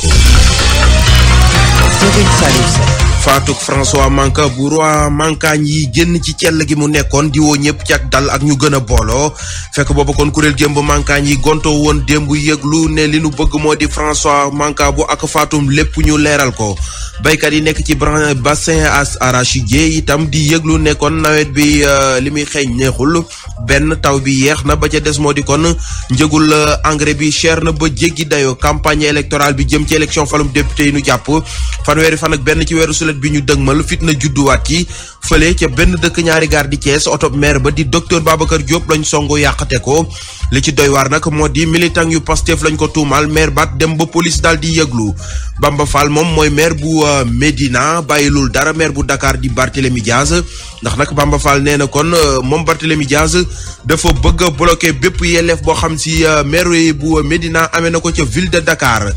ko. Serigne Salif François Manka bu roi ah, mankaañ yi génn ci cell gi mu nekkoon diwoo woo ñëpp ci ak dal ak ñu gën a booloo fekk booba kon kuréel gémb mankaañ yi gonto woon démb yëglu ne li nu bëgg moo di François Manka bu ak faatum lépp ñu leeral ko baykat yi nekk ci a bassin arachidier itam di yëglu nekkoon nawet bi euh, li muy xeeñ neexul benn taw bi yeex na ba ca des moo di kon njëgul euh, engrais bi cher na ba jéggi dayoo campagne électorale bi jëm ci élection falum député yi nu jàpp fanweeri fan ak benn ci weeru sulet bi ñu dëgmal fitna judduwaat ci fële ca benn dëkk ñaari gaar di Thiès oto maire ba di docteur Babacar Diop lañ songo yàqate ko li ci doy waar nag moo di militant yu Pastef lañ ko tuumaal maire baat dem ba police daal di yëglu Bamba Fall moom mooy maire bu euh, Médina bàyyilul dara bu Dakar di Barthélémy Diaz ndax nag Bamba Fall nee na kon euh, moom Barthélémy Diaz dafa bëgg a bépp yelleef boo xam si euh, maire bu Médina amee na ko ca ville de Dakar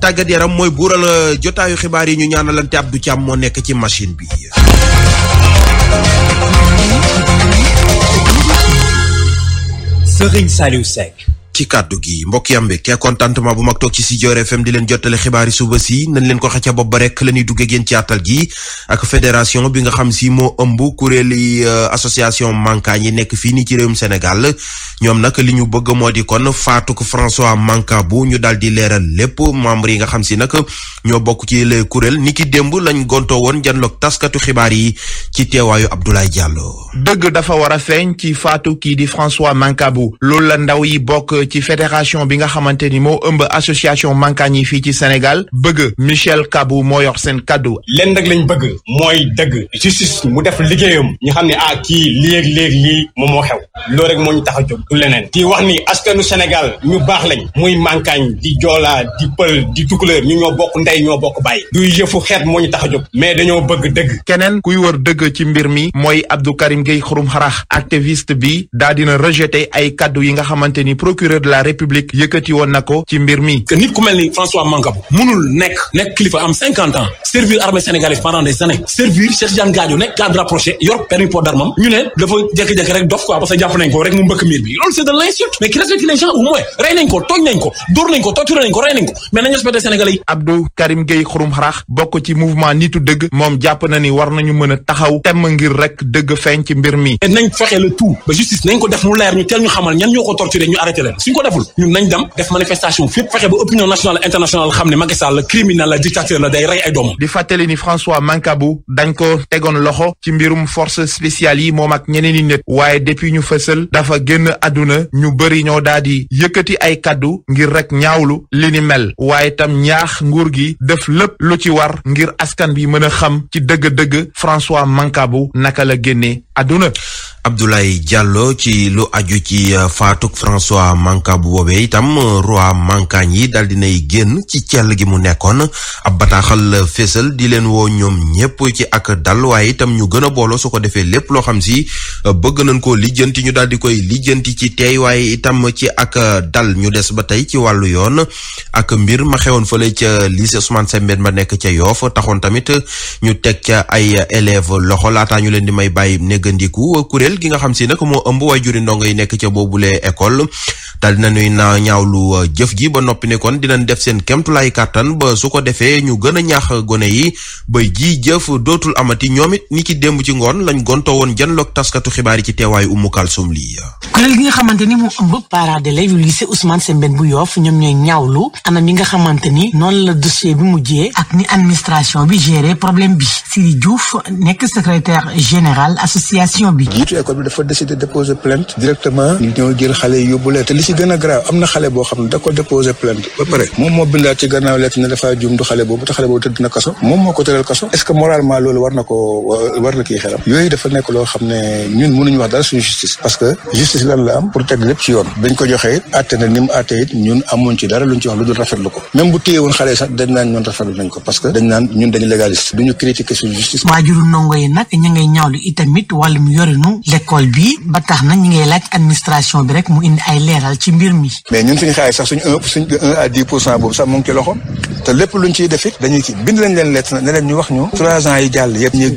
tàggat yaram mooy buural euh, jotaayu xibaar yi ñu ñaanalante Abdou Thiam moo nekk ci machine bi. Serigne ci kàddu gi mbokk yi bi mbégte ak contentement bu mag toog ci si Joor di leen jottale xibaari suba si nañ leen ko xëcc bopp ba rek la ñuy dugg gi ak fédération bi nga xam si moo ëmb kuréeli euh, association Manka yi nekk fii nii ci réewum Sénégal ñoom nag li ñu bëgg moo di kon faatuk François Manka bu ñu daal di leeral lépp membre yi nga xam si nag ñoo bokk ci les kuréel ni ki démb lañ gontoo woon janloog taskatu xibaar yi ci teewaayu Abdoulaye Diallo. dëgg dafa war feeñ ci faatu kii di François Manka loolu la ndaw yi bokk ci fédération bi nga xamante ni moo ëmb association mankaañ yi fii ci Sénégal bëgg Michel Kabou moo yor seen kaddu. lenn nag lañ bëgg mooy dëgg justice mu def liggéeyam ñu xam ne ah kii léeg-léeg lii moom moo xew loolu rek moo ñu tax a jóg du leneen di wax ni askanu Sénégal ñu baax lañ muy mankaañ di joolaa di pël di tukuleur ñu ñoo bokk ndey ñoo bokk bàyyi du yëfu xeet moo ñu tax a jóg mais dañoo bëgg dëgg. keneen kuy wër dëgg ci mbir mi mooy Abdou Karim Gueye xurum xarax procureur de la république yëkkati woon na ko ci mbir mi. que nit ku mel ni François Mancabou munul nekk nekk kilifa am cinquante ans servir armée sénégalaise pendant servir Cheikh Tidiane Gadio nekk cadre rapproché yor permis port d'arme ñu ne dafa jékki-jékki rek dof quoi parce jàpp nañ ko rek mu mbëkk miir bi loolu c'est de l'insulte mais qui respecte les gens au rey nañ ko tooñ nañ ko dóor nañ ko torturé nañ ko rey nañ ko mais nañ respecté sénégalais yi. Abdou ci mouvement nitu dëgg moom jàpp na ni war nañu mën a taxaw temm ngir suñ ko deful ñun nañ dem def manifestation fépp fexe ba opinion nationale internationale xam ne Macky Sall criminel la dictateur la day rey ay doomam. di fàttali ni François Mancabou dañ ko tegoon loxo ci mbirum force spéciale yi moom ak ñeneen i nit waaye depuis ñu fësal dafa génn àdduna ñu bëri ñoo daal di yëkkati ay kaddu ngir rek ñaawlu li ni mel waaye tam ñaax nguur gi def lépp lu ci war ngir askan bi mën a xam ci dëgg-dëgg François bu naka la génnee àdduna Abdoulaye jàlloo ci lu aju ci euh, faatuk François Manka bu boobee itam euh, roi Mankañ yi daal dinay génn ci cell gi mu nekkoon ab bataaxal fésal di leen woo ñoom ñépp ci ak dal waaye itam ñu gën a booloo su ko defee lépp loo xam si euh, bëgg nañ ko lijjanti ñu daal di koy lijjanti ci tey waaye itam ci ak dal ñu des ba tey ci wàllu yoon ak mbir ma xewoon fële ca lis Ousmane Sembène ba nekk ca Yoff taxoon tamit ñu teg ca ay élèves loxo laataa ñu leen di may bàyyi ndiggandiku kuréel gi nga xam si nag moo ëmb waajuri ndongo yi nekk ca boobule école daal dinañuy na ñaawlu uh, jëf ji ba noppi ne kon dinañ def seen kemtulaay kàttan ba su ko defee ñu gën a ñaax gone yi ba ji jëf dootul amati ñoom it ni ñooy ñaawlu anam yi nga xamante noonu la dossier bi mujjee ak ni administration bi géré problème bi Siri Diouf nekk secrétaire général associé association bi. bi dafa décidé déposer plainte directement ñu jël xale yi yóbbu te li si gën a am na xale boo xam ne da déposer plainte ba pare moom moo bindaat ci gannaaw yooyu dafa nekk loo xam ne ñun mënuñu wax dara suñu justice parce que justice lan la am pour teg lépp ci yoon dañ ko joxe it àtte na ni ñun amuñ ci dara luñ ci wax lu dul rafetlu ko même bu téye woon xale sax dañ naan ñoon rafetlu nañ ko parce que dañ naan ñun dañu wàllum yorinu l'école bi ba tax bi rek mu indi ay ci mbir mi. mais ñun suñu xaalis sax suñu un de un à dix pour cent boobu sax mu ngi ci loxo te lépp luñ ciy def it dañuy ci bind lañ leen yi jàll yëpp ñu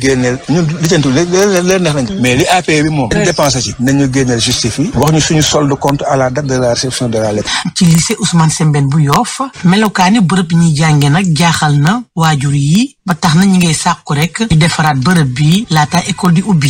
bi moom. dañ ci nañ ñu génneel justifié. wax ñu suñu solde compte à la de la réception de la lettre. ci lycée Ousmane Sembène bu Yoff melokaani bërëb ñuy jàngee nag jaaxal na waajur yi ba tax na ñi ngay sàkku rek defaraat bërëb bi laata école di ubbi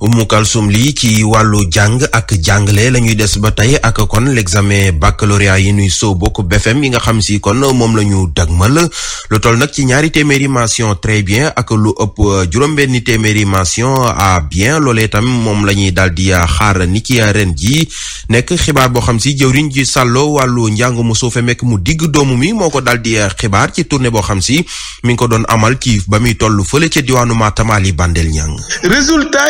Oumou Kalsoum li ci wàllu jàng ak jàngale la ñuy des ba tey ak kon l'examen baccalauréat yi nuy soo bokk BFM yi nga xam si kon moom la ñu dagmal lu toll nag ci ñaari téeméeri mention très bien ak lu ëpp juróom-benni téeméeri mention à bien loolee tam moom la ñuy daal di xaar ni ki ren ji nekk xibaar boo xam si jëwriñ ji sàllo wàllu njàng mu suufe mekk mu digg doomu mi moo ko daal di xibaar ci tournée boo xam si mi ngi ko doon amal ci ba muy toll fële ca diwaanu Matam Bandel Niang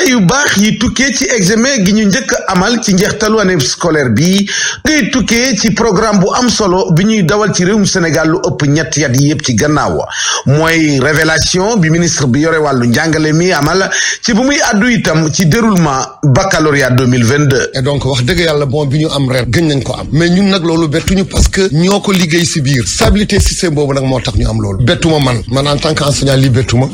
yu baax yi tukkee ci examen gi ñu njëkk amal ci njeextalu année scolaire bi ngay tukkee ci programme bu am solo bi ñuy dawal ci réewum Sénégal lu ëpp ñetti at yi yëpp ci gannaaw mooy révélation bi ministre bi yore wàllu njàngale mi amal ci bu muy àddu itam ci déroulement baccalauréat 2022. et donc wax dëgg yàlla bon bi ñu am ren gën nañ ko am mais ñun nag loolu ñu parce que ñoo ko liggéey si biir stabilité système boobu nag moo tax ñu am loolu bettuma man man li bettuma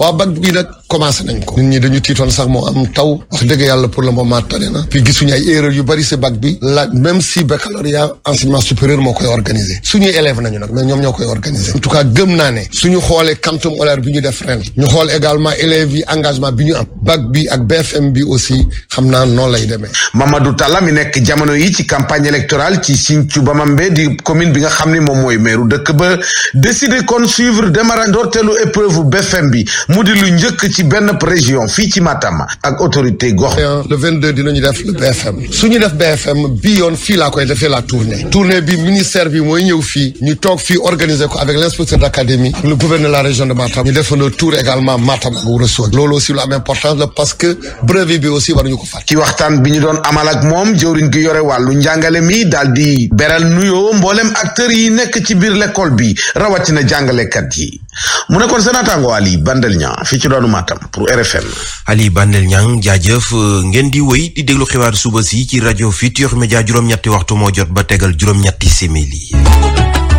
commencé nañ ko nit ñi dañu tiitoon sax moo am taw wax dëgg yàlla pour le moment tane na puis gisuñu ay erreur yu bari si bac bi la même si baccalauréat enseignement supérieur moo koy organisé suñu élève nañu nag mais ñoom ñoo koy organisé en tout cas gëm naa ne suñu xoolee quantum horaire bi ñu def ren ñu xool également élèves yi engagement bi ñu am bag bi ak BFM bi aussi xam naa noon lay demee Mamadou Talla mi nekk jamono yi ci campagne électorale ci ma Bamambé di commune bi nga xam ne moom mooy meeru dëkk ba décidé kon suivre démarrage ndorteelu épreuve BFM bi mu di njëkk ci benn région fi ci Matam ak autorité gox. Euh, le vingt 22 dinañu def le BFM su ñu def BFM bii yoon fii la koy defee la tournée tournée bi ministère bi mooy ñëw fi ñu toog fi organiser ko avec l' inspecteur le gouverneur la région de Matam. ñu def le tour également Matam ak Ouro Sogui loolu aussi lu am importance la parce que brevet bi aussi war ñu ko fàtte. ci waxtaan bi ñu doon amal ak moom jëwriñ gi yore wàllu njàngale mi daal di beral nuyoo mboolem acteurs yi nekk ci biir l'école bi rawatina jàngalekat yi. mu nekkoon sa naataango Ali Bandel Niang fii ci doonu Matam pour RFM. Ali Bandel Niang jaajëf ngeen di woy di déglu xibaar suba si ci rajo Futurs Médias juróom-ñetti waxtu moo jot ba tegal juróom-ñetti simili.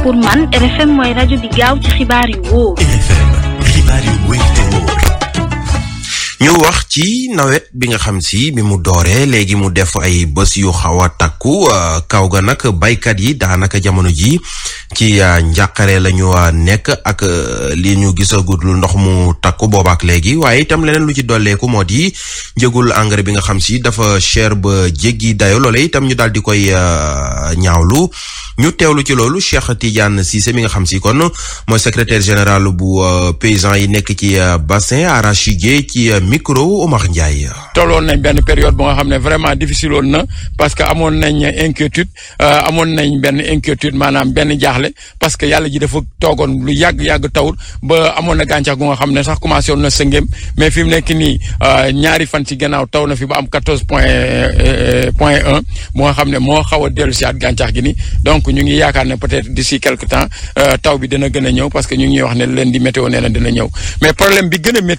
pour man RFM mooy rajo bi gaaw ci xibaar yu wóor. ñu wax ci nawet bi nga xam si bi mu dooree léegi mu def ay bés yu xaw a takku euh, kaw ga nag baykat yi daanaka jamono ji ci euh, njàqare lañu ñu euh, nekk ak li ñu gisagut lu ndox mu takku boobaak léegi waaye itam leneen lu ci dolleeku moo di njëgul engrais bi nga xam si dafa cher ba jéggi dayo loole itam ñu daal di koy ñaawlu ñu teewlu ci loolu Cheikh Tidiane Cissé mi nga xam si kon mooy secretaire général bu paysan yi nekk ci bassin arachidier ci micro Omar Ndiaye. tolloon nañ benn période bu nga xam ne vraiment difficile woon na parce que amoon nañ inquiétude euh, amoon nañ benn inquiétude maanaam benn jaaxle parce que yàlla ji def toogoon lu yàgg yàgg taw ba amoon na gàncax gu nga xam ne sax commencé woon na sëngéem mais fi mu nekk nii euh, ñaari fan ci gannaaw taw na fi ba am quatorze point euh, point un bu nga xam ne moo xaw a dellu si at gàncax gi ni donc ñu ngi yaakaar ne peut-être d'ici quelque temps taw bi dina gën a ñëw parce que ñu ngi ne leen di météo nee na dina ñëw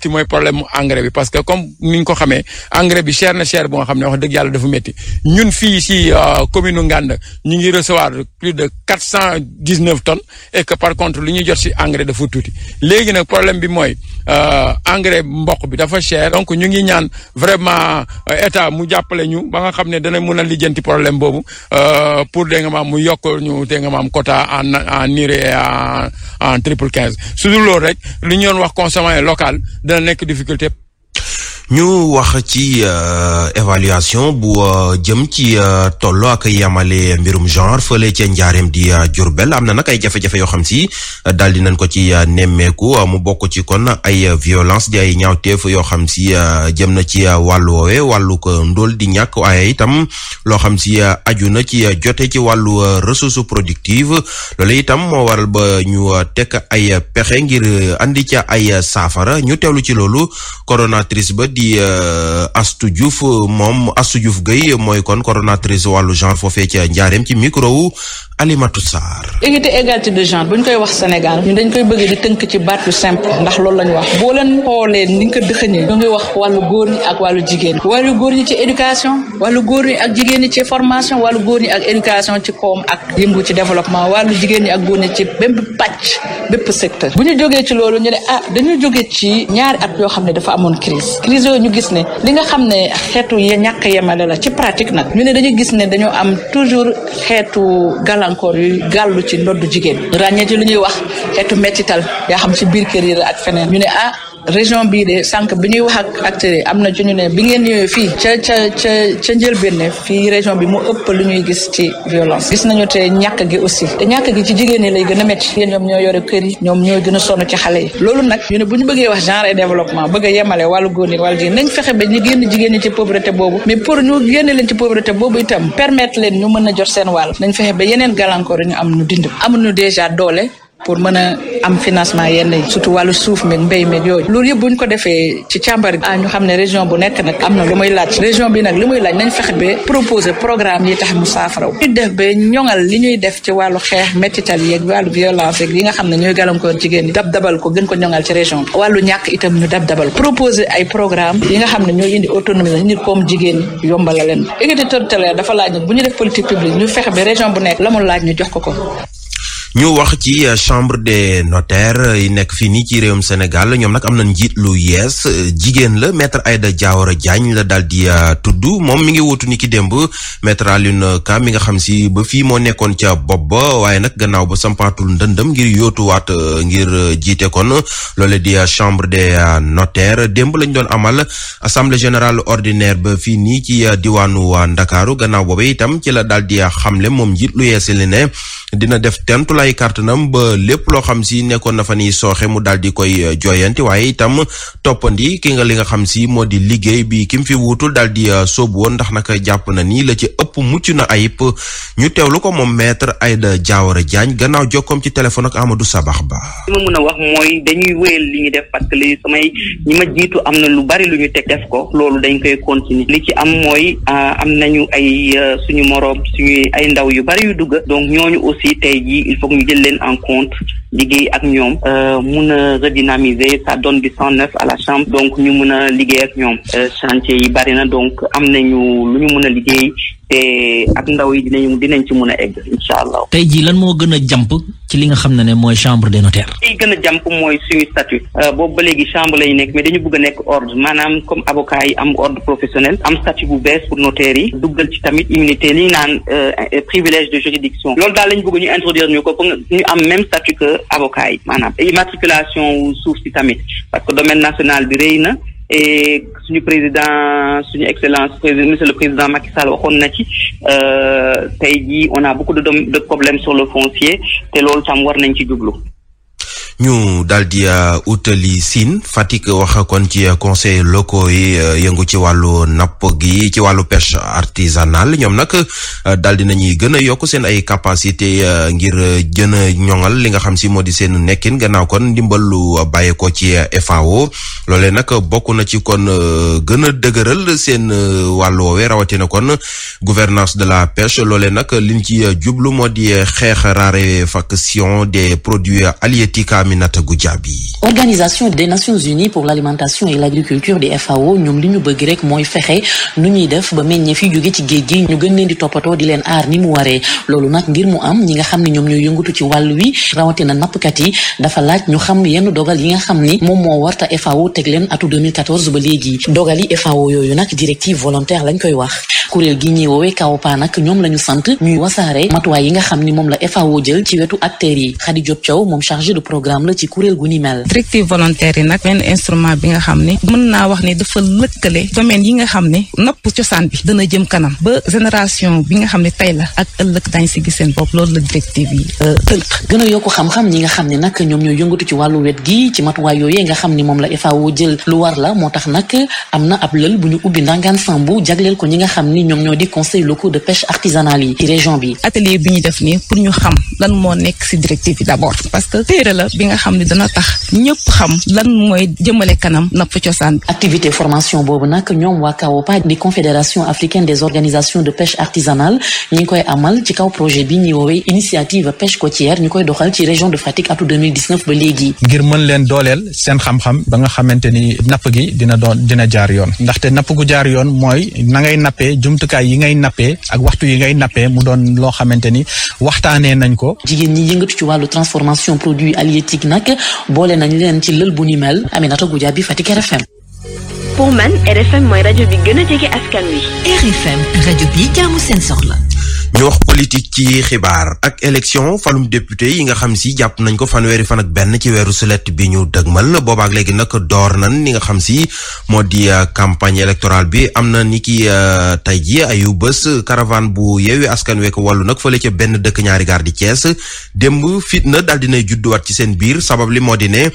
mooy problème mu engrais bi. parce que comme ni ñu ko xamee engrais bi cher na cher boo xam ne wax dëgg yàlla dafa métti ñun fii si euh, commune Nganda ñu ngi recevoir plus de quatre cent dix neuf tonnes et que par contre lu ñuy jot si engrais dafa tuuti léegi na problème bi mooy euh, engrais mboq bi dafa cher donc ñu ngi ñaan vraiment euh, état mu jàppale ñu ba nga xam ne dana mun a lijjanti problème boobu pour dégg nga maam mu yokk ñu dégg nga maam quota en en urée en en triple quinze su dul loolu rek lu ñu doon wax consommer local dana nekk difficulté. ñu wax ci euh, évaluation bu euh, jëm ci euh, tolloo ak yamale mbirum genre fële ca njaareem di Jurbel am na nag ay jafe-jafe yoo xam si daal di nañ ko ci nemmeeku mu bokk ci kon ay violence di ay ñaawteef yoo xam si jëm na ci wàllu woowe wàllu ko ndóol di ñàkk waaye itam loo xam si aju na ci jote ci wàllu ressource productive loolu itam moo waral ba ñu tekk ay pexe ngir andi ca ay saafara ñu teewlu ci loolu coordonnatrice ba di euh, Astou Diouf moom Astou Diouf Gueye mooy kon coordonnatrice wàllu genre foofee ca njaareem ci micro Alimatou Sarr. équité égalité de genre bu ñu koy wax Sénégal ñun dañ koy bëgg di tënk ci baat yu simple ndax loolu la ñu wax boo leen xoolee ni nga ko dëxëñee ñu ngi wax wàllu góor ak wàllu jigéen wàllu góor ñi ci éducation wàllu góor ñi ak jigéen ñi ci formation wàllu góor ñi ak éducation ci koom ak yëngu ci développement wàllu jigéen ñi ak góor ñi ci bépp pàcc bépp secteur bu ñu jógee ci loolu ñu ne ah dañu jógee ci ñaari at yoo xam ne dafa amoon crise crise ñu gis ne li nga xam ne xeetu ñàkk yemale la ci pratique nag ñu ne dañu gis ne dañoo am toujours xeetu gala gàllankoor yu gàllu ci ndoddu jigéen ràññee ci lu ñuy wax xeetu mettital yaa xam ci biir kër yi la ak feneen ñu ne ah région bii de sànq bi ñuy wax ak acteurs am na ci ñu ne bi ngeen ñëwee fii ca ca ca ca njëlbéen fii région bi mu ëpp lu ñuy gis ci violence gis nañu te ñàkk gi aussi te ñàkk gi ci jigéen ñi lay gën a métti yéen ñoom ñoo yore kër ñoom ñoo gën a ci xale yi loolu nag ñu ne bu ñu bëggee wax genre et développement bëgg yemale wàllu góor ñi wàllu jigéen nañ fexe ba ñu génn jigéen ñi ci pauvreté boobu mais pour ñu génne leen ci pauvreté boobu itam permettre leen ñu mën a jot seen wàll nañ fexe ba yeneen gàllankoor ñu am ñu dind amuñu déjà doole pour mën a am financement yenn yi surtout wàllu suuf meeg mbéy meeg yooyu loolu yëpp bu ñu ko defee ci càmbar ah ñu xam ne région bu nekk nag am na lu muy laaj région bi nag li muy laaj nañ fexe ba proposer programme yi tax mu saafaraw ñu def ba ñoŋal li ñuy def ci wàllu xeex métital yeeg wàllu violence yeeg xam ne ñooy gàllankoor jigéen ñi dab dabal ko gën ko ñoŋal ci région bi wàllu ñàkk itam ñu dab dabal ko proposer ay programme yi nga xam ne ñooy indi autonomie la nit jigéen yombala leen équité territoriale dafa laaj nag ñu def politique ñu fexe ba région bu nekk la mu ñu jox ko ko ñu wax ci euh, chambre des notaires euh, yi nekk fii nii ci réewum senegal ñoom nag am na njiit lu yees euh, jigéen la maître Aïda Diawara Diagne la daal di tudd moom mi ngi wutu niki démb maître Alioune Ka mi nga xam si ba fii moo nekkoon ca bopp ba waaye nag gannaaw ba sampaatul ndëndëm ngir yóotuwaat ngir jiite kon loole di chambre des notaires démb lañ doon amal assemblée générale ordinaire ba fii nii ci diwaanu Ndakaaru gannaaw booba itam ci la daal di xamle moom njiit ay kàttanam ba lépp loo xam si nekkoon na fa ni sooxe mu daal di koy euh, jooyanti waaye itam toppandi ki nga li nga xam si moo di liggéey bi ki mu fi wuutul daal di euh, sóobu woon ndax naka jàpp na ni la ci ëpp mucc na ayib ñu lu ko moom ay Aïda Diawara jaañ gannaaw jokkoom ci téléphone ak amadu Sabax Ba. li ma mën a wax mooy dañuy wéyal li ñu def parce que li samay ñi ma jiitu am na lu bari lu ñu teg def ko loolu dañ koy continuer li ci am mooy euh, am nañu ay suñu moroom suñu foog ñu jël leen en compte liggéey ak ñoom euh, mun a redynamiser ça donne du sang neuf à la chambre donc ñu mun a liggéey ak ñoom euh, chantier yi bari na donc am nañu lu ñu mun a liggéey te ak ndaw yi dinañu dinañ ci mun a egg incha allah. tey jii lan moo gën a jàmp ci li nga xam ne ne mooy chambre de notaires. li gën a jàmp mooy suñu statut. Euh, boobu ba léegi chambre lay nekk mais dañu bëgg a nekk ordre maanaam comme avocat yi am ordre professionnel am statut bu bees pour notaires yi duggal ci tamit immunité li ñu naan euh, privilège de juridiction loolu daal lañu bëgg ñu introduire ñu ko ñu am même statut que avocat yi maanaam immatriculation suuf si tamit parce que domaine national bi rëy na. et suñu président suñu excellence président monsieur le président Macky Sall na ci euh, tey jii on a beaucoup de de problèmes sur le foncier te loolu tam war nañ ci jublu. ñu daal di euh, utali siin Fatick wax kon ci conseil locaux yi euh, yëngu ci wàllu napp gi ci wàllu pêche artisanale ñoom nag daal di nañuy gën a yokk seen ay capacité ngir gën a ñoŋal li nga xam si moo di seen nekkin gannaaw kon ndimbalu bàyyeekoo ci FAO loole nag bokk na ci kon euh, gën a dëgëral seen euh, wàll woowee rawatina kon gouvernance de la pêche loolee nag liñ ci euh, jublu moo di xeex raréfaction des produits halieutiques Aminata Goudiaby. Organisation des Nations Unies pour l'alimentation et l'agriculture di FAO ñoom li ñu bëgg rek mooy fexe nu ñuy def ba meññeef yi jóge ci géej gi ñu gën leen di toppatoo di leen aar ni mu waree loolu nag ngir mu am ñi nga xam ne ñoom ñooy yëngatu ci wàll wi rawatina nappkat yi dafa laaj ñu xam yenn dogal yi nga xam ni moom moo war ta FAO teg leen atu 2014 ba léegi dogali FAO yooyu nag directive volontaire lañ koy wax kuréel gi ñuy woowee kawopa nag ñoom la ñu sant ñuy wasaare matuwaay yi nga xam ni moom la FAO jël ci de la ci kuréel gu ni mel directive volontaire yi nag benn instrument bi nga xam yi nga xam ne nopp cosaan bi dana jëm kanam ba génération bi nga xam ne tey la ak ëllëg daañ si gis seen bopp loolu la directive yi euh, a yokk xam-xam ñi nga xam ne nag ñoom ñooy yëngatu ci nga xam ni moom la FAO taxawu jël lu war la moo tax nag am na ab lël bu ñu ubbi ndangaan sambu jagleel ko ñi nga xam ni ñoom ñoo di conseil locaux de pêche artisanale bi. atelier bi ñu def nii pour nga xam ne dana tax ñëpp xam lan mooy jëmale kanam napp cosaan. activité formation boobu nag ñoom waa CAOPA di confédération africaine des organisations de pêche artisanale ñi koy amal ci kaw projet bi ñuy woowee initiative pêche côtière ñu koy doxal ci région de Fatick atu ba léegi. ngir mën leen dooleel xamante ni napp gi dina doon dina jaar yoon ndaxte napp gu jaar yoon mooy na ngay nappee jumtukaay yi ngay nappee ak waxtu yi ngay nappee mu doon loo xamante ni waxtaanee nañ ko. jigéen ñi yëngatu ci wàllu transformation produit halieutique nag boole nañ leen ci lël bu ni mel Aminata Goudiaby Fatick RFM. pour man RFM mooy rajo bi gën a jege askan wi. RFM rajo bi jaamu seen soxla. ñu wax politique ci xibaar ak élection falum député yi nga xam si jàpp nañ ko fanweeri fan ak benn ci weeru sulet bi ñu dëgmal boobaak léegi nag door nan ni nga xam si moo di euh, campagne électorale bi am na ni ki euh, tey ji ayu bés caravane bu yeewi askan week wàllu nag fële ca benn dëkk ñaari gaar di Thiès démb fitna daal dinay judduwaat ci seen biir sabab li moo di ne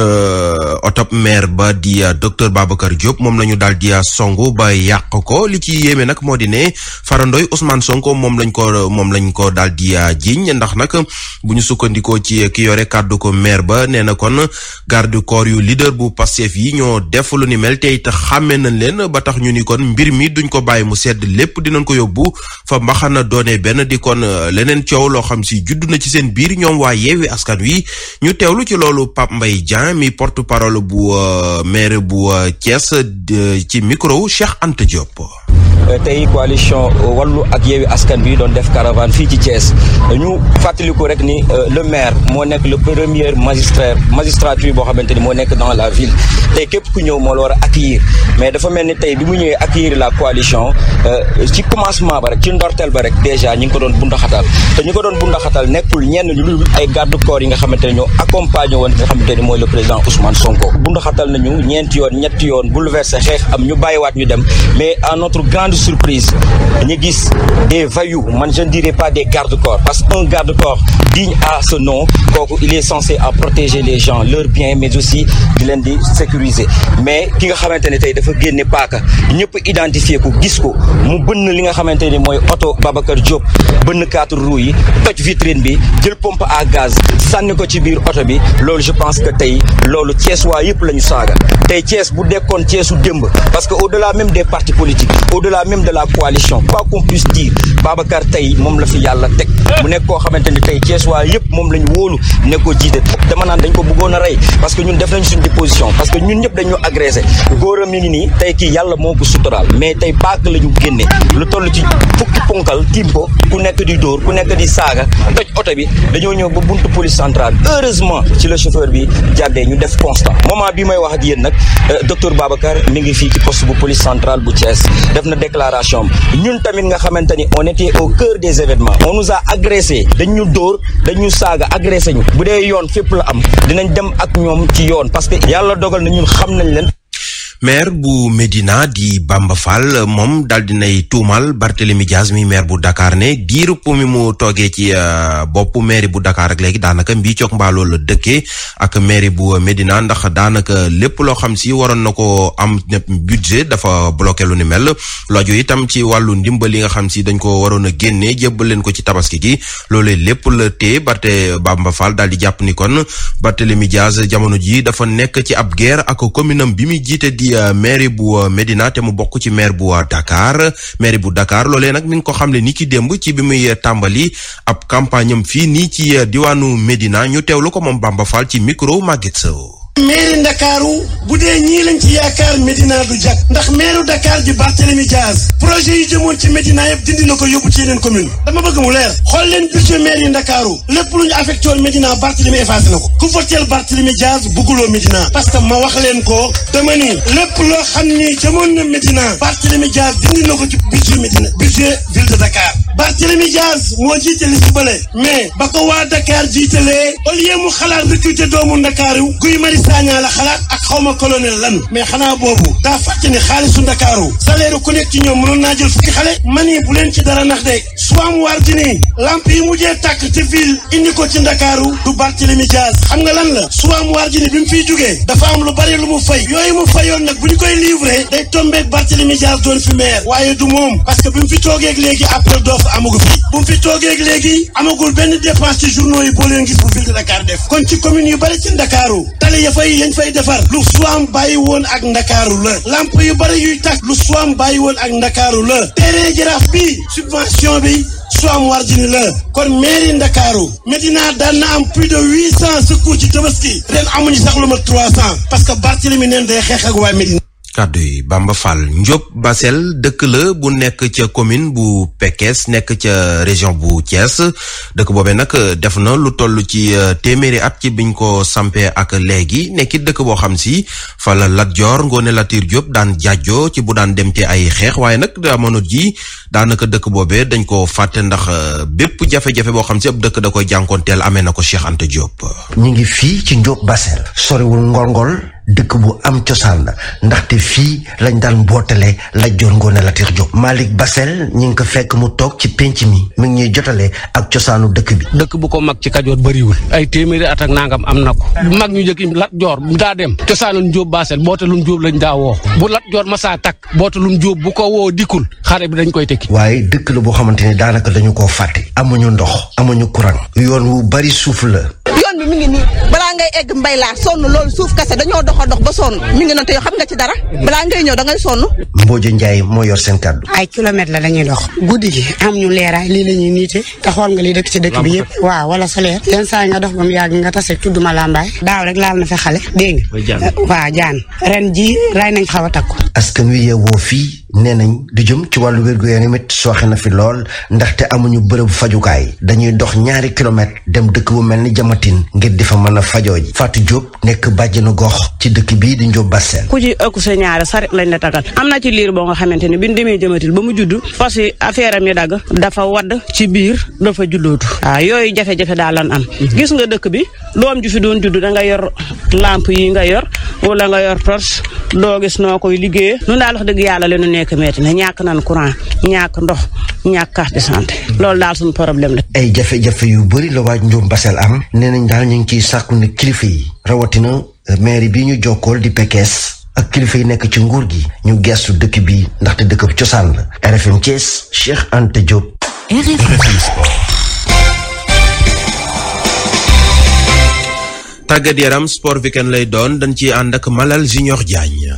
euh, otop maire ba di docteur kër Diop moom la ñu daal di songu ba yàq ko li ci yéeme nag moo di lañ moom lañ ko daal di ah, jiiñ ndax nag bu ñu sukkandikoo ci ki yore kàddu ko maire ba nee na kon garde corps yu leader bu Pastef yi ñoo def lu ni mel te it xàmmee nañ leen ba tax ñu ni kon mbir mi duñ ko bàyyi mu sedd lépp dinañ ko yóbbu fa mbaxana doone benn di kon ah, leneen coow loo xam si juddu na ci seen biir ñoom waa yeewi askan wi ñu teew lu ci loolu Pape mbay Dieng mi porte parole bu ah, maire bu Thiès ci micro Cheikh Anta Diop. Euh, tey coalition euh, wàllu ak yeewi askan bi doon def caravane fii ci Thiès ñu fàttaliku rek ni euh, le maire moo nekk le premier magistrat magistrature boo xamante ni moo nekk dans la ville tey képp ku ñëw moo la war a accueillir mais dafa mel ni tey bi mu ñëwee yiir la coalition ci commencement ba rek ci ndorteel ba rek déjà ñi ngi ko doon bundaxatal te ñi ko doon bundaxatal nekkul ñenn ñu dul ay garde corps yi nga xamante ne ñoo accompagné woon ki nga xamante ni mooy le président Ousmane Sonko bundaxatal nañu ñeenti yoon ñetti yoon bouleversé xeex am ñu bàyyiwaat ñu dem mais à notre grande surprise ñu gis des voyous man je ne dirais pas des garde-corps parce qu'un garde-corps digne à ce nom kooku il est censé à protéger les gens leurs biens mais aussi di leen di sécuriser mais ki nga xamante ne tey dafa génne paaka ñëpp identifier ko gis ko mu bënn li nga xamante ne mooy oto Babacar Diop bënn quatre roues yi toj vitrine bi jël pompe à gaz sànni ko ci biir oto bi loolu je pense que tey loolu Thiès waa yëpp la ñu saaga tey Thiès bu dekkoon Thièsu démb parce que au-delà même des partis politiques même de la coalition quoi qu'on puisse dire Babacar tey moom la fi yàlla teg mu nekk koo xamante ni tey Thiès waa yëpp moom la ñu wóolu ne ko jiite dama naan dañ ko bëggoon a rey parce que ñun def nañ suñu déposition parce que ñun ñëpp dañu agressé góor a mi ngi nii tey kii yàlla moo ko suturaal mais tey paak la ñu génne lu toll ci fukki ponkal tiim ko ku nekk di dóor ku nekk di saaga toj oto bi dañoo ñëw ba buntu police ci le bi jàddee ñu def constat moment bi may wax ak yéen nag euh, docteur Babacar mi ngi fii ci poste bu police centrale bu Thiès def na déclaration ñun tamit nga xamante ni on était au cœur des événements on nous a agressé dañ ñu dóor dañ ñu saaga agressé ñu bu dee yoon fépp la am dinañ dem ak ñoom ci yoon parce que yàlla dogal na ñun xam nañ leen maire bu Médina di Bamba Fall moom daal nay tuumal Barthélémy Dias mi maire bu Dakar ne diiru mi mu toogee ci euh, bopp maire bu dakaar ak léegi daanaka mbii coog mbaaloo la dëkkee ak maire bu Médina ndax daanaka lépp loo xam si waroon na ko am budget dafa bloqué lu ni mel looju itam ci wàllu ndimbal yi nga xam si dañ ko waroon a génnee jébbal leen ko ci tabaski gi loolee lépp la tee Barthé Bamba Fall daal di jàpp ni kon Barthélémy Dias jamono ji dafa nekk ci ab guerre ak commune am bi di euh, maire bu euh, Médina te mu bokk ci maire bu euh, Dakar maire bu Dakar loole nag mi nga ko xamle ni ki démb ci bi muy tàmbali ab campagne am fii nii ci diwaanu Médina ñu teewlu ko moom Bamba Fall ci micro Maguette Sow mairie ndakaaru bu dee ñii lañ ci yaakaar Medina du jag ndax maire Dakar ji Barthélemy Diaz projet yi jëmoon ci Medina yëpp dindi na ko yóbbu ci yeneen commune dama bëgg mu leer xool leen budget maire ndakaaru lépp lu ñu affecté woon Medina Barthélemy effacé na ko ku voteel Barthélemy Diaz bugguloo Medina parce que ma wax leen ko dama ni lépp loo xam ni jëmoon na Medina Barthélemy Diaz dindi na ko ci budget Medina budget ville de Dakar Barthélemy Diaz moo jiite li si mais ba ko mu xalaat recruter doomu ndakaaru Guy Marius Sagna la xalaat ak xawma colonel lan mais xanaa boobu daa fàtte ne xaalisu Ndakaaru salaire ku nekk ci ñoom mënoon naa jël fukki xale mani bu leen ci dara nax de suam waar di nii lamp yi mujjee tàkk ci ville indi ko ci Ndakaaru du Barthélemy Diaz xam nga lan la suam waar di ni bi mu fiy jógee dafa am lu bari lu mu fay yooyu mu yoon nag bu ñu koy livré day tombeeg Barthélemy Diaz doon fi maire waaye du moom parce que bi mu fi toogeeg léegi appel d'offre amagu fi bu mu fi toogeeg benn dépense ci journaux yi boo kon ci commune yu bari ci Ndakaaru fay yañ fay defar lu suwaam bàyyi woon ak ndakaaru la lamp yu bari yuy takk lu suwaam bàyyi woon ak ndakaaru la terrain jaraaf subvention bi suwaam war jini la kon mairie ndakaaru Medina daan na am plus de huit cent secours ci tabaski ren amuñu sax lu ma trois cent parce que Barthélemy neen day xeex ak waa Medina kàddu yi Bamba Fall Ndiop Basel dëkk la bu nekk ca commune bu Pekes nekk ca région bu Thiès dëkk boobe nag def na lu toll ci euh, téeméeri at ci biñ ko sampee ak léegi nekkit dëkk boo xam si fa la Ngoone Latiir Diop daan jàjjoo ci bu daan dem ci ay xeex waaye nag jamono ji daanaka dëkk boobe dañ ko fàtte ndax euh, bépp jafe-jafe boo xam si ab dëkk da koy jànkoonteel amee na ko Cheikh Anta Diop. ñu ngi fii ci Ndiop Basel. soriwul ngol-ngol. dëkk bu am cosaan la ndaxte fii lañ daan mbootale la joor ngoone Latyr Diop Malick Bassel ñi ngi ko fekk mu toog ci pénc mi mi ngi ñuy jotale ak cosaanu dëkk bi dëkk bu ko mag ci Kajoor bariwul ay téeméeri at ak nangam am na ko mag ñu jëkk Lat Joor daa dem cosaanul Jóob Bassel boota lum Jóob lañ daa woo bu Lat Joor masaa takk boota lum Jóob bu ko woo dikkul xare bi dañ koy tekki waaye dëkk la boo xamante ne daanaka dañu koo fàtte amuñu ndox amuñu courant yoon wu bari suuf la yoon bi mi ngi nii balaa ngay egg mbay laa sonn loolu suuf kase dañoo dox a dox ba sonn mi ngi noonu te yow xam nga ci dara balaa ngay ñëw da ngay sonn. Mbodj Ndiaye moo yor seen kàddu. ay kilomètres la dañuy dox guddi gi am ñu leeraay lii la ñuy niite ta xool nga li dëkk ci dëkk bi yëpp waaw wala solaire yenn saa yi nga dox ba mu yàgg nga tase tudduma lambaay daaw rek laal na fi xale dégg nga waaw jaan ren ji ray nañ xaw parce que askan wi yeewoo fii nee nañ du jëm ci wàllu wér-gu-yaram it sooxe na fi lool ndaxte amuñu bërëb fajukaay dañuy dox ñaari kilomètre dem dëkk bu mel ni jamatin ngir di fa mën a fajoo ji Fatou Diop nekk nu gox ci dëkk bii di Diop Bassène ku ci ëkk sa ñaari saret lañ la tagal am na ci liir boo nga xamante ne bi demee jamatin ba mu judd fas yi affaire am dagg dafa wadd ci biir dafa juddootu waaw yooyu jafe-jafe daal lan am mhm. gis nga dëkk bi doom ju fi doon judd danga yor lamp yi nga yor wala nga yor torche doo gis noo koy liggéeyee nun daal wax dëgg yàlla leenu nekk metti na ñàkk nan courant ñàkk ndox ñàkk carte de santé loolu daal suñu problème la ay jafe-jafe yu bari la waaj Ndioum Basel am nee nañ daal ñu ngi ciy sàkku ne kilifa yi rawatina euh, maire bi ñu jokkool di Pekes ak kilifa yi nekk ci nguur gi ñu geestu dëkk bi ndaxte dëkk cosaan la RFM Thiès Cheikh Anta Diop. tàggat yaram sport weekend lay doon dañ ci ànd ak Malal Junior Diagne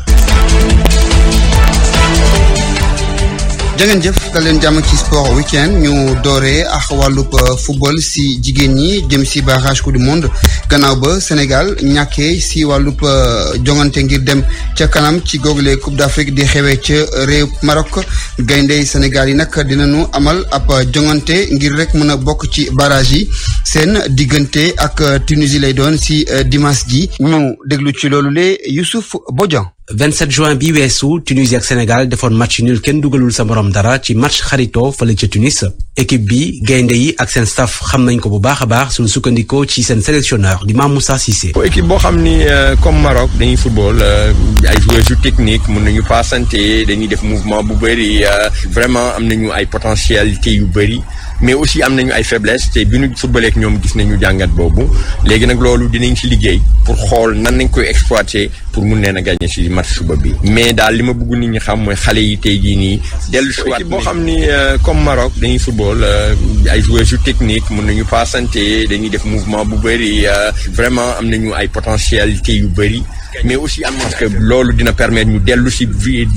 jangeen jëf dal leen jàmm ci sport weekend ñu dooree ak wàllub euh, football si jigéen ñi jëm si barrage coupe du gannaaw ba Sénégal ñàkkee si wàllub euh, jongante ngir dem ca kanam ci google coupe d'Afrique di xewee ca réew Maroc gayndey Sénégal yi nag dinañu amal ab jongante ngir rek mën a bokk ci barrage yi seen diggante ak euh, Tunisie lay doon si dimanche ji ñu déglu ci loolu le Youssouf Bodian 27 juin bi weesu Tunisie ak Sénégal defoon match nul kenn dugalul sa moroom dara ci match xaritoo fële ca Tunis équipe bi gaynde yi ak seen staff xam nañ ko bu baax a baax suñu sukkandikoo ci seen sélectionneur di Mame Moussa Cissé. équipe boo xam ni euh, comme Maroc dañuy football euh, ay joueurs yu technique mun nañu passante dañuy def mouvement bu bëri euh, vraiment am nañu ay potentialité yu bëri. mais aussi am nañu ay faiblesse te bi ñu footballeek ñoom gis nañu jàngat boobu léegi nag loolu dinañ ci liggéey pour xool nan nañ koy exploiter pour mun leen a gagner ci match suba bi mais daal li ma bëgg nit ñi xam mooy xale yi tey jii nii dellu si waat boo xam ni euh, comme Maroc dañuy football euh, ay joueurs yu technique mun nañu passante dañuy def mouvement bu bëri euh, vraiment am nañu ay potentialité yu bëri mais aussi am parce que loolu dina permettre ñu dellu si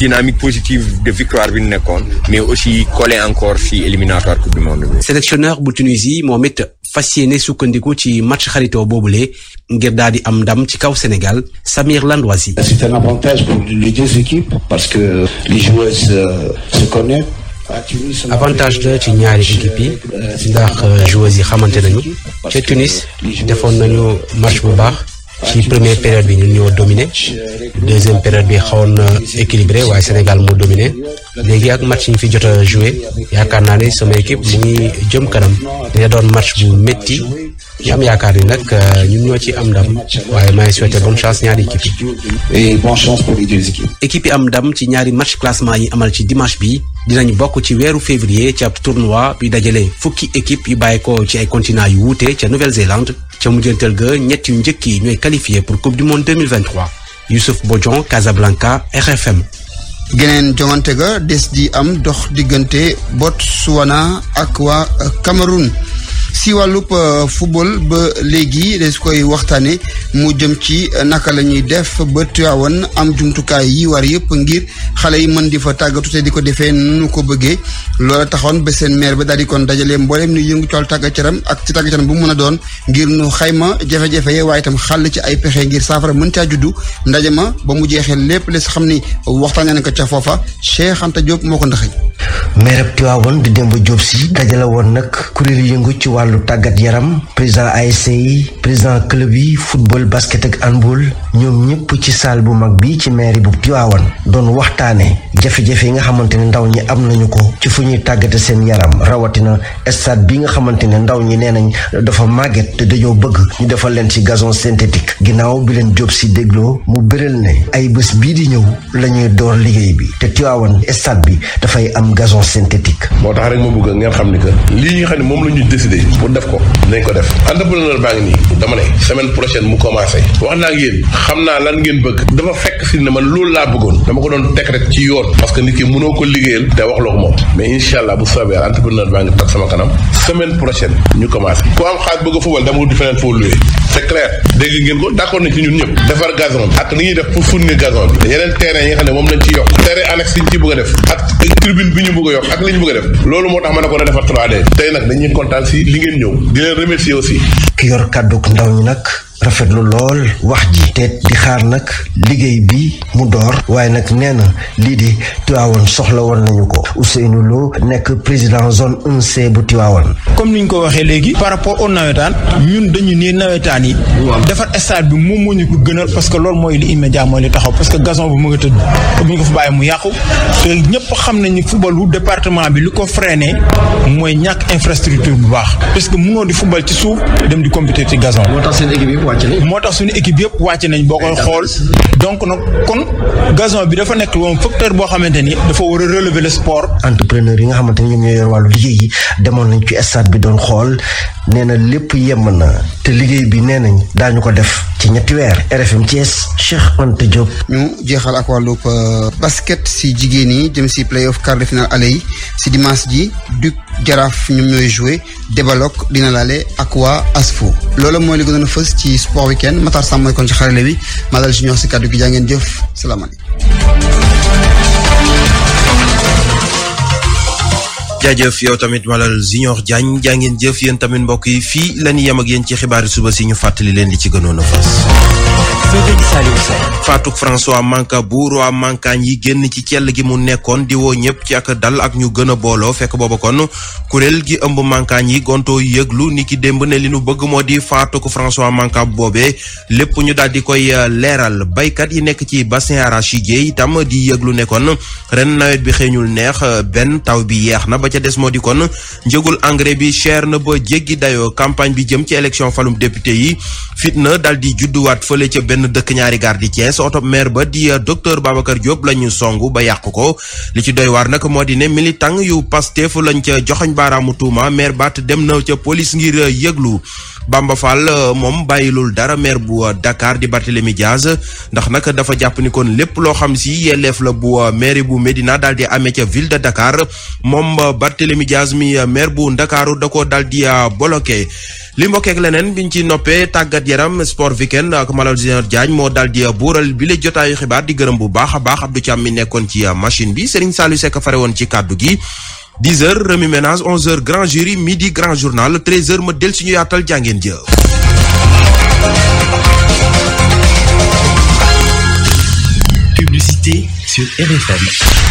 dynamique positive de victoire bi ñu nekkoon mais aussi coller encore si éliminatoire coupe du monde bi. sélectionneur bu Tunisie moom it fas yéene sukkandiku ci match boobu le ngir daal di am ndam ci kaw Sénégal Samir Landwazi. c'est un avantage pour parce que les euh, avantage ci ñaari équipe yi euh, ndax euh, joueurs yi xamante nañu ca Tunis defoon nañu match bu baax ci premier période bi ñun ñoo dominé deuxième période bi xawoon na équilibré waaye Sénégal moo dominé léegi ak match ñu fi jot a joué yaakaar naa ne sama équipe mu ngi jëm kanam dina doon match bu métti ñu am yaakaar ni nag euh, ñun ñoo ci am ndam waaye may souhaité bonne chance ñaari équipe yi. et équipe yi am ndam ci ñaari match classement yi amal ci dimanche bi dinañ bokk ci weeru février ci ab tournoi bi dajale fukki équipe yu bàyyeekoo ci ay continent yu wuute ca Nouvelle-Zélande. ca mujjantal ga ñetti yu njëkk yi ñooy qualifié pour coupe du monde 2023 Youssouf Bodian Casablanca RFM. geneen jongante ga des di am dox diggante Botswana ak wa Cameroun. si wàllub euh, football ba léegi des koy waxtaane mu jëm ci euh, naka la ñuy def ba Tiwaawan am jumtukaay yi war yëpp ngir xale yi mën di fa tàggatu te di ko defee nu ko bëggee loola taxoon ba seen meer ba daal di kon dajale mbooleem nu yëngu cool tàggat yaram ak ci tàggat yaram bu mën a doon ngir nu xayma jafe-jafe yi waaye itam xàll ci ay pexe ngir saafara mën caa juddu ndaje ma ba mu jeexee lépp les xam ni waxtaanee na ko ca foofa Cheikh Anta Diop moo ko wàllu tàggat yaram président ASC yi président club yi football basket ak handball ñoom ñëpp ci salle bu mag bi ci mairie bu tiwaawan doon waxtaane jafe-jafe yi nga xamante ne ndaw ñi am nañu ko ci fu ñuy tàggate seen yaram rawatina stade bi nga xamante ne ndaw ñi nee nañ dafa màgget te dañoo bëgg ñu defal leen ci gazon synthétique ginnaaw bi leen job si dégloo mu bëral ne ay bés bii di ñëw la ñuy door liggéey bi te Tivaouane stade bi dafay am gazon sentetique moo tax rek pour def ko nañ ko def entrepreneur baa ngi nii dama ne semaine prochaine mu commencé wax naa yéen xam naa lan ngeen bëgg dafa fekk si ne man loolu laa bëggoon dama ko doon teg rek ci yoon parce que nit ki mënoo ko liggéeyal te wax loo moom mais incha bu soobee entrepreneur baa ngi tag sama kanam semaine prochaine ñu commencé ku am xaalis bëgg a dama di foo loué c'est dégg ngeen ko d'accord nañ ci ñun ñëpp defar gazon ak li d ngeen ñëw di remercier aussi. ki yor kàddu ndaw ñi nag. rafetlu lool wax ji te di xaar nag liggéey bi mu door waaye nag nee na lii di Tivaouane soxla woon nañu ko Ousseynou Lo nekk président zone 1C bu Tivaouane. comme ni ñu ko waxee léegi par rapport au nawetaan ñun dañu ne nawetaan yi. defar stade bi moom moo ñu ko gënal parce que loolu mooy li immédiat mooy li taxaw parce que gazon bu mu nga tëdd bu ñu ko fa bàyyi mu yàqu te ñëpp xam nañu football wu département bi li ko freiné mooy ñàkk infrastructure bu baax parce que mënoo di football ci suuf dem di wàcc nañ moo tax suñu équipe yëpp wàcc nañ boo koy xool donc nag kon gazon bi dafa nekk woon facteur boo xamante ni dafa war a relever le sport entrepreneur yi nga xamante ni ñoom ñoo yor wàllu liggéey yi demoon nañ ci stade bi doon xool nee na lépp yem na te liggéey bi nee nañ ñu ko def ci ñetti weer RFM Thiès Cheikh Anta Diop ñu jeexal ak wàllub euh, basket si jigéen yi jëm si playoff quart de yi si dimanche ji Duc jaraaf ñoom ñooy ak waa asfo loolu mooy li gënoon ci sport week-end Matar ci xarale bi Madal Junior si jëf salaamaaleykum jaajëf yow tamit malal Junior Diagne jaa ngeen jëf yéen tamit mbokk yi fii la ñu yem ak yéen ci xibaari suba si ñu fàttali leen li ci gënoon a Serigne Saliou Sène Fatou François Manka bu roi mankaañ yi génn ci cell gi mu nekkoon di woo ñëpp ci ak dal ak ñu gën a booloo fekk booba kon kuréel gi ëmb mankaañ yi gontoo yëglu ni ki démb ne li nu bëgg moo di Fatou François Manka boobee lépp ñu daal di koy euh, leeral baykat yi nekk ci bassin arachidier yi itam di yëglu nekkoon ren nawet bi xëeñul neex euh, benn taw bi yeex na ba ca des moo di kon njëgul engrais bi cher na ba jéggi dayoo campagne bi jëm ci élection falum député yi benn dëkk ñaari gaar di Thiès oto maire ba di euh, docteur Babacar Diop la ñu songu ba yàq ko li ci doy waar nag moo di ne militant yu Pastef lañ ca joxoñ baaraamu tuuma maire baat dem na ca police ngir euh, yëglu Bamba euh, moom bàyyilul dara maire bu Dakar di Barthélémy Diaz ndax nag dafa jàpp ni kon lépp loo xam si yelleef la bu maire bu Médina daal di amee ca ville de Dakar moom Barthélémy Diaz mi maire bu Ndakaaru da ko daal di bloqué li mbokkeek leneen Diagne moo daal di buural bi la jotaayu xibaar di gërëm bu baax a baax Abdou Thiam mi nekkoon ci euh, machine bi Serigne Saliou Seck fare woon ci kàddu gi 10 heures remis ménage 11 heures grand jury midi grand journal 13 heures ma del suñu yaatal jàngeen jëf publicité sur RFM